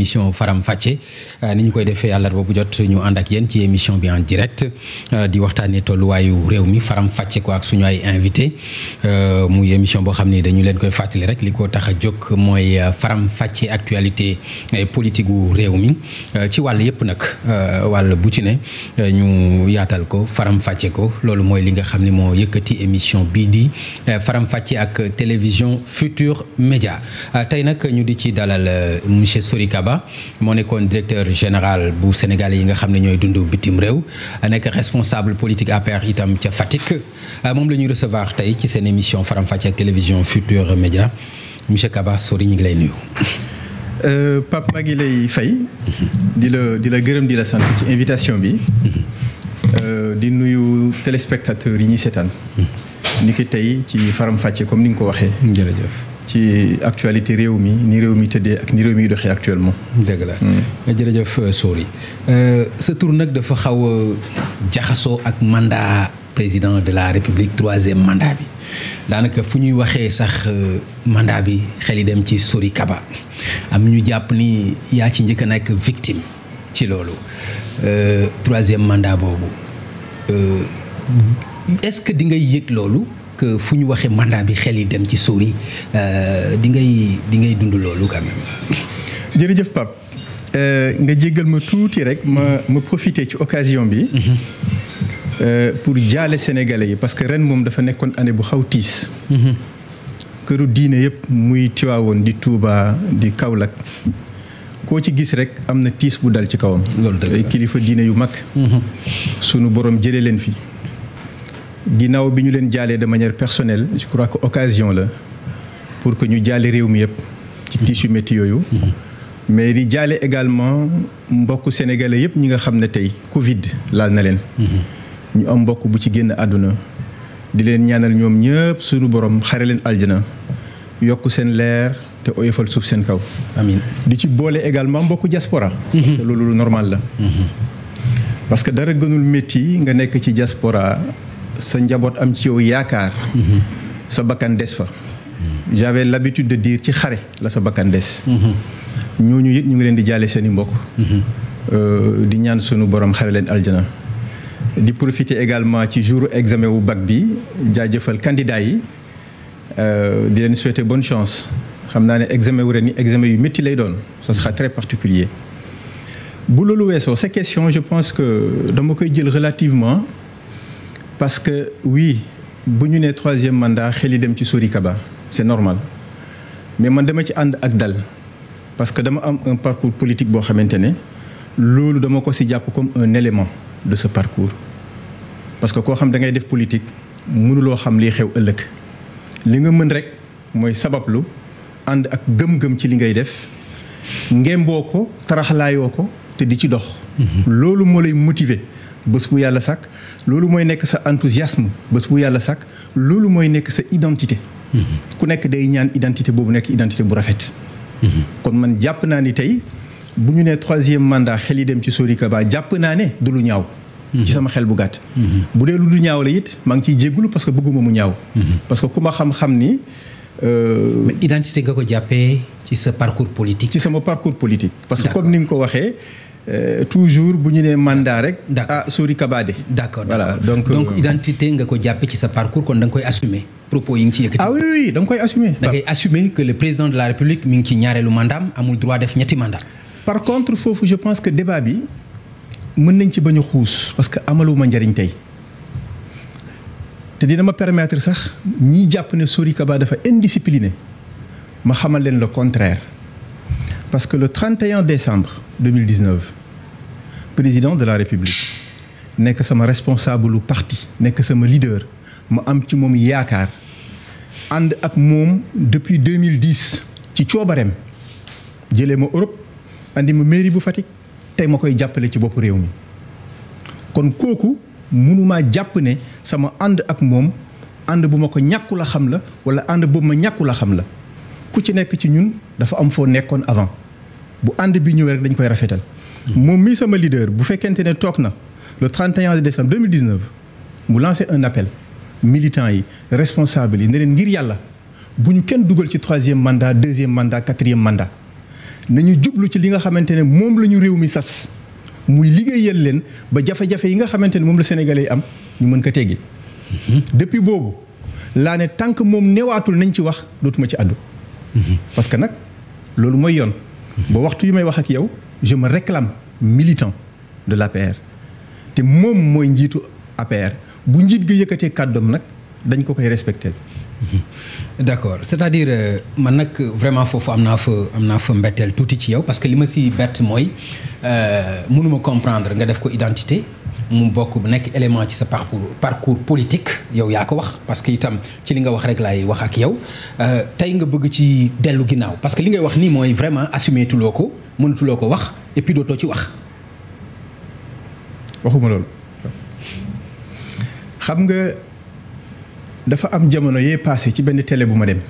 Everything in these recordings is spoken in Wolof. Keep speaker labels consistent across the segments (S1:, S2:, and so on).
S1: émission Faram Facce euh, ni ñu koy defee àllarba bu jot ñu ànd ak yéen ci émission bi en direct euh, di waxtaanee tolluwaayu réew mi Faram Facce ko ak suñu ay invité euh, muy émission boo xam ne dañu leen koy fàttali rek li ko tax a jóg mooy Faram Facce actualité politique réew mi ci wàll yëpp nag wàll bu ci ne ñu yaatal ko Faram Facce ko loolu mooy li nga xam ne moo yëkkati émission bii di Faram Facce ak télévision Futur Média tey nag ñu di ci dalal monsieur Sori Ba moo nekkoon directeur général bu Sénégal yi nga xam ne ñooy dund bitim réew nekk responsable politique APR itam ca Fatick moom la ñuy recevoir tey ci seen émission Faram Facce ak télévision Futur Média monsieur Kaba Sori ñu ngi lay nuyu. Euh, Pape
S2: maa lay fay. di la di la gërëm di la sant ci invitation bi. Euh, di nuyu téléspectateurs yi ñuy seetaan. Hmm. ni ki tey ci Faram Facce comme ni nga ko waxee. jërëjëf. ci actualité réew mi ni réew mi tëddee ak ni réew mi doxee actuellement.
S1: dëgg la hmm. jërëjëf euh, Sori euh, sa tur nag dafa xaw jaxasoo ak mandat président de la république troisième mandat bi daanaka fu ñuy waxee sax euh, mandat bi xel yi dem ci Sori Kaba am ñu jàpp ni yaa ci njëkk a nekk victime ci loolu troisième mandat boobu est-ce que di nga yëg loolu. ak fu ñu waxee mandat bi xel yi dem ci suur yi euh, di ngay di ngay dund loolu quand même. jërëjëf
S2: Pape euh, nga jéggal ma tuuti rek ma ma profité ci occasion bi. Mhm. Euh, pour jaale sénégalais yi parce que ren moom dafa nekkoon année bu xaw tiis. Mhm. këru diine yëpp muy Tiwaawoon di Touba di kaw Kaolack koo ci gis rek am na tiis bu dal ci kawam. ay kilifa diine yu mag. Mhm. sunu borom jëlee leen fi. ginnaaw bi ñu leen jaalee de manière personnelle je crois que occasion la pour que ñu jaale réew mi yëpp ci tiis yu métti yooyu mm-hmm. mais di jaale également mbokk sénégalais yëpp ñi nga xam ne tey covid laal na leen mm-hmm. ñu am mbokk bu ci génn àdduna di leen ñaanal ñoom ñëpp sunu borom xare leen aljana yokk seen leer te oyofal suuf seen kaw amiin di ci boole également mbokk diaspora mm-hmm. parce loolu lu la parce que dara gënul métti nga nekk ci jaspora sa njaboot am ci yow yaakaar sa bakkan des fa j'avais l'habitude de dire ci xare la sa bakkan des ñooñu it ñu ngi leen di jaale seeni i mbokk euh, di ñaan sunu borom xare leen aljana di profiter également ci jour examen wu bag bi jaajëfal candidat yi euh, di leen souhaiter bonne chance xam naa ne examen wu ren ni examen yu métti lay doon ça sera très particulier bu loolu weesoo ces questions je pense que dama koy jël relativement parce que oui bu ñu nee troisième mandat xel yi dem ci Sori ba c'est normal mais man dama ci ànd ak dal parce que dama am un parcours politique boo xamante ne loolu dama ko si jàpp comme un élément de ce parcours. parce que koo xam da ngay def politique mënuloo xam li xew ëllëg li nga mën rek mooy sabablu ànd ak gëm-gëm ci li ngay def ngemboo ko taraxlaayoo ko. te di ci dox. loolu moo lay motiver bés bu yàlla sàkk loolu mooy nekk sa enthousiasme bés bu yàlla sàkk loolu mooy nekk sa identité. ku nekk day ñaan identité boobu nekk identité bu rafet. kon man jàpp naa ni tey bu ñu nee troisième mandat xel yi dem ci Sori Kaba jàpp naa ne du lu ñaaw. ci sama xel bu gàtt. bu dee lu du ñaaw la it maa ngi ciy jéggulu parce que bëgguma mu ñaaw. parce que ku ma xam-xam ni. Euh, mais identité nga ko jàppee ci sa parcours politique. ci sama parcours politique. parce que comme ni nga ko waxee. Euh, toujours bu ñu nee mandat rek. d' accord ah Sori Kabade. d' accord voilà donc euh, donc
S1: identité nga ko jàppe ci sa parcours kon da nga koy assumer propos yi nga ci yëkkati. ah oui oui da nga koy assumer. da ngay assumer que le président de la république mi ngi ci ñaareelu mandaam amul droit def ñetti mandat. par contre foofu je pense que débat bi mën nañ ci bañu a xuus parce que amaluma
S2: njëriñ tey te dina ma permettre sax ñiy jàpp ne Sori Kaba dafa indiscipliné ma xamal leen le contraire parce que le 31 décembre 2019. président de la république nekk sama responsable lu parti nekk sama leader ma am ci moom yaakaar ànd ak moom depuis 2010 ci coobareem jëlee ma Europe andi ma mairie bu Fatick tey ma koy jàppale ci bopp réew mi kon kooku mënumaa jàpp ne sama ànd ak moom ànd bu ma ko ñàkku la xam la wala ànd bu ma ñàkku la xam la ku ci nekk ci ñun dafa am foo nekkoon avant bu ànd bi ñëwee rek dañ koy rafetal moom mii sama leader bu fekkente ne toog na le 31 décembre 2019 mu lancé un appel militants yi responsables yi ne leen ngir yàlla bu ñu kenn dugal ci troisième mandat deuxième mandat quatrième mandat ñu jublu ci li nga xamante ne moom la ñu réew mi sas muy liggéeyal leen ba jafe yi nga xamante ne moom la sénégalais am ñu mën ko teggi depuis boobu laa ne tant que moom newaatul nañ ci wax dootuma ci àddu mhm. parce que nag loolu mooy yoon ba waxtu yi may wax ak yow je me réclame militant de la l'APR te moom mooy njiitu
S1: APR bu njiit gi yëkkatee kàddoom nag dañ ko koy respecté. d'accord c'est-à-dire euh, man nag vraiment foofu am naa fa am naa fa mbetteel tuuti ci yow parce que li ma si bett mooy euh, mënuma comprendre nga def ko identité. mu bokk nekk élément ci sa parcours parcours politique yow yaa ko wax parce que itam ci li nga wax rek laay wax ak yow euh, tey nga bëgg ci dellu ginnaaw parce que li ngay wax nii mooy vraiment assumé ko mënatuloo ko wax et puis ci wax.
S2: waxuma loolu xam nga dafa am jamono yee passé ci benn télé bu ma dem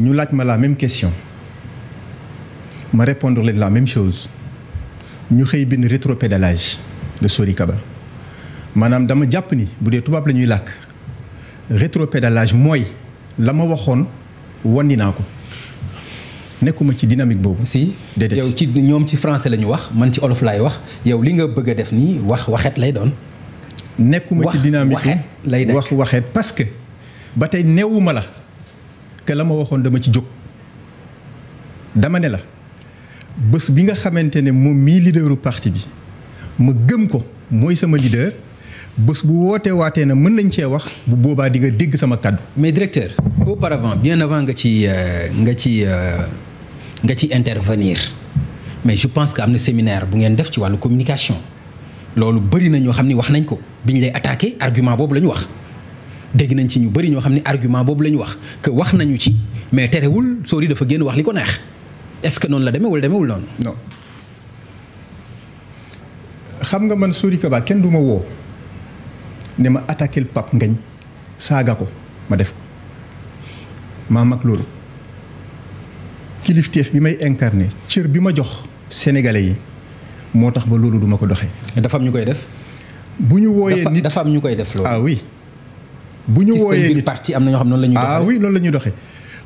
S2: ñu laaj ma la même question ma répondre leen la même chose. ñu xëy bind rétropédalage de Sori Kaba maanaam dama jàpp ni bu dee tubaab la ñuy làkk rétropédalage
S1: mooy la ma waxoon wandi naa ko nekkuma ci dynamique boobu. si déedéet yow ci ñoom ci français la ñu wax man ci olof laay wax yow li nga bëgg a def nii wax waxet lay doon. nekkuma ci dynamique wax lay wax waxet parce que ba tey
S2: newuma la que la ma waxoon dama ci jóg dama ne la. bës bi nga xamante ne moom mii leaderu parti bi ma gëm ko mooy sama leader bës bu wootee waatee na mën nañ cee wax bu boobaa di nga dégg sama kàddu.
S1: mais directeur auparavant bien avant nga ci euh, nga ci euh, nga ci intervenir mais je pense que am na séminaire bu ngeen def ci wàllu communication loolu bëri na ñoo xam ni wax nañ ko bi ñu lay attaqué argument boobu la ñu wax. dégg nañ ci ñu bari ñoo xam ne argument boobu la ñu wax que wax nañu ci mais terewul Sori dafa génn wax li ko neex. est-ce que noonu la demee wala demeewul noonu. xam nga man Sori
S2: kenn duma woo ne ma attaqué le ngañ saaga ko ma def ko maa mag loolu kilifteef bi may incarné cër bi ma jox sénégalais yi moo tax ba loolu duma ko doxee. dafa am
S1: ñu koy def. bu ñu wooyee nit dafa am ñu koy def loolu. ah bu ñu wooyee nit ci am na ñoo
S2: xam noonu la ñuy ah doxee. ah loolu la ñuy doxee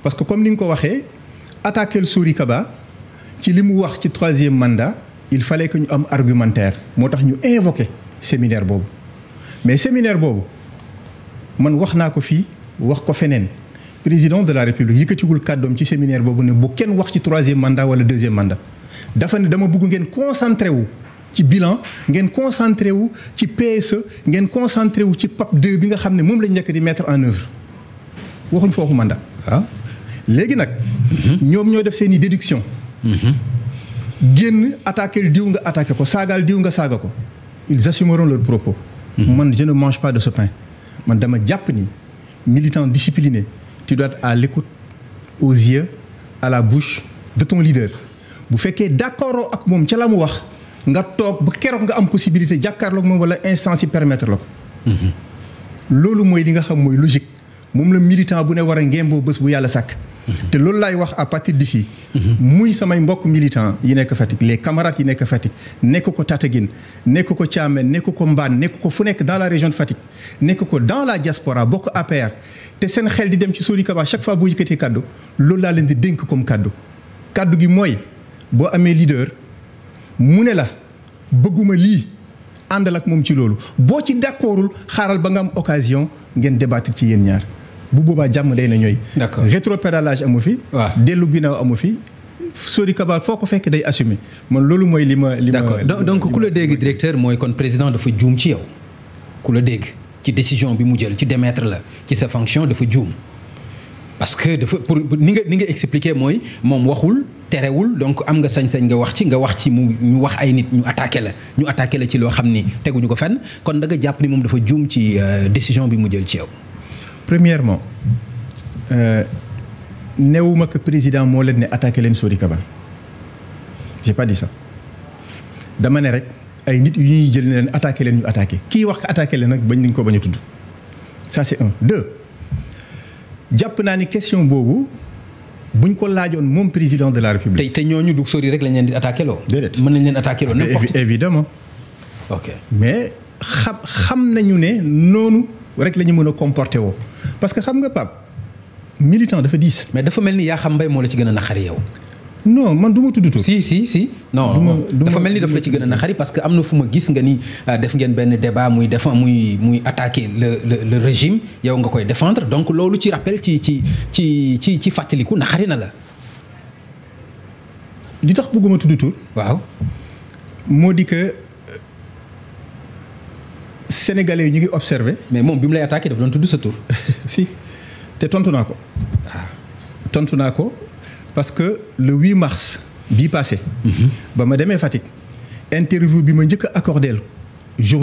S2: parce que comme ni nga ko waxee. attaquer Souri Kaba ci li mu wax ci troisième mandat il fallait que ñu am argumentaire moo tax ñu invoqué séminaire boobu mais séminaire boobu man wax naa ko fii wax ko feneen président de la république yëkkatigul kàddoom ci séminaire boobu ne bu kenn wax ci troisième mandat wala deuxième mandat dafa ne dama bëgg ngeen concentré wu ci bilan ngeen concentré wu ci PSE ngeen concentré wu ci PAP 2 bi nga xam ne moom lañ nekk di mettre en œuvre waxuñ foofu mandat waaw ah. nag. ñoom ñoo def seen i déduction mhm. génn attaquer diw nga attaqué ko saagaal diw nga saaga ko ils assumeront leurs propos mhm. man je ne mange pas de ce pain man dama jàpp ni militant discipliné tu dois être à l'écoute aux yeux à la bouche de ton leader bu fekkee d'accord ak moom ca la mu wax nga toog bu keroog nga am possibilité jàkkaarloog moom wala instance yi permettre la ko mhm. loolu mooy li nga xam mooy logique moom la militant bu ne war a bës bu yàlla sàkk te loolu laay wax à partir si muy samay mbokk militant yi nekk Fatick les camarades yi nekk Fatick nekk ko Tataguine nekk ko Thiamène nekk ko Mbane nekk ko fu nekk dans la région de Fatick nekk ko dans la diaspora bokk APR te seen xel di dem ci Sori Kaba chaque fois bu yëkkatee kaddu loolu laa leen di dénk comme kàddu kaddu gi mooy boo amee leader mu ne la bëgguma lii àndal ak moom ci loolu boo ci d'accordul xaaral ba nga am occasion ngeen débattre ci yéen ñaar bu boobaa jàmm day na ñooy. d'accord rétropédalage amu fi. waaw dellu ginnaaw amu fi. Sori Kaba
S1: foo ko fekk day assumer man loolu mooy li ma. li ma d'accord donc ku la dégg directeur mooy kon président dafa juum ci yow. ku la dégg ci décision bi mu jël ci démettre la ci sa fonction dafa juum parce que dafa pour ni nga ni nga expliquer mooy moom waxul terewul donc am nga sañ-sañ nga wax ci nga wax ci mu ñu wax ay nit ñu attaqué la ñu attaqué la ci loo xam ni teguñu ko fenn kon da nga jàpp ni moom dafa juum ci euh, décision bi mu jël ci yow. premièrement
S2: euh, newuma que président moo leen ne attaqué leen Sori Kaba j'ai pas dit ça dama ne rek ay nit yu ñuy jël ne leen attaqué leen ñu attaqué kii wax attaqué leen nag bañ nañ ko bañ a tudd ça c'est un deux jàpp naa ni question boobu buñ ko laajoon moom président de la république. tey te ñooñu
S1: dug sori rek lañ leen di attaqué loo.
S2: déedéet mën nañ leen attaqué loo. n'importe évidemment ok mais xam xam nañu ne noonu rek la ñu mën a comporté woo parce que xam nga Pape
S1: militant dafa diis. mais dafa mel ni yaa xam mbay moo la ci gën a naqari yow. no man du ma tudd si si si non dafa mel ni daf la ci gën a naqari parce que am na fu ma gis nga ni euh, def ngeen benn débat muy def muy muy attaquer le le le régime yow nga koy défendre donc loolu ci rappel ci ci ci ci ci fàttaliku naqari na la.
S2: di tax bëgguma tudd tur. waaw moo di sénégalais yi ñu ngi observé. mais moom bi mu lay attaqué daf doon tudd sa tur. si te tontu naa ko. waaw ah. tontu naa ko parce que le 8 mars. bii passé. Mhm. ba ma demee Fatick. interview bi ma njëkk a jour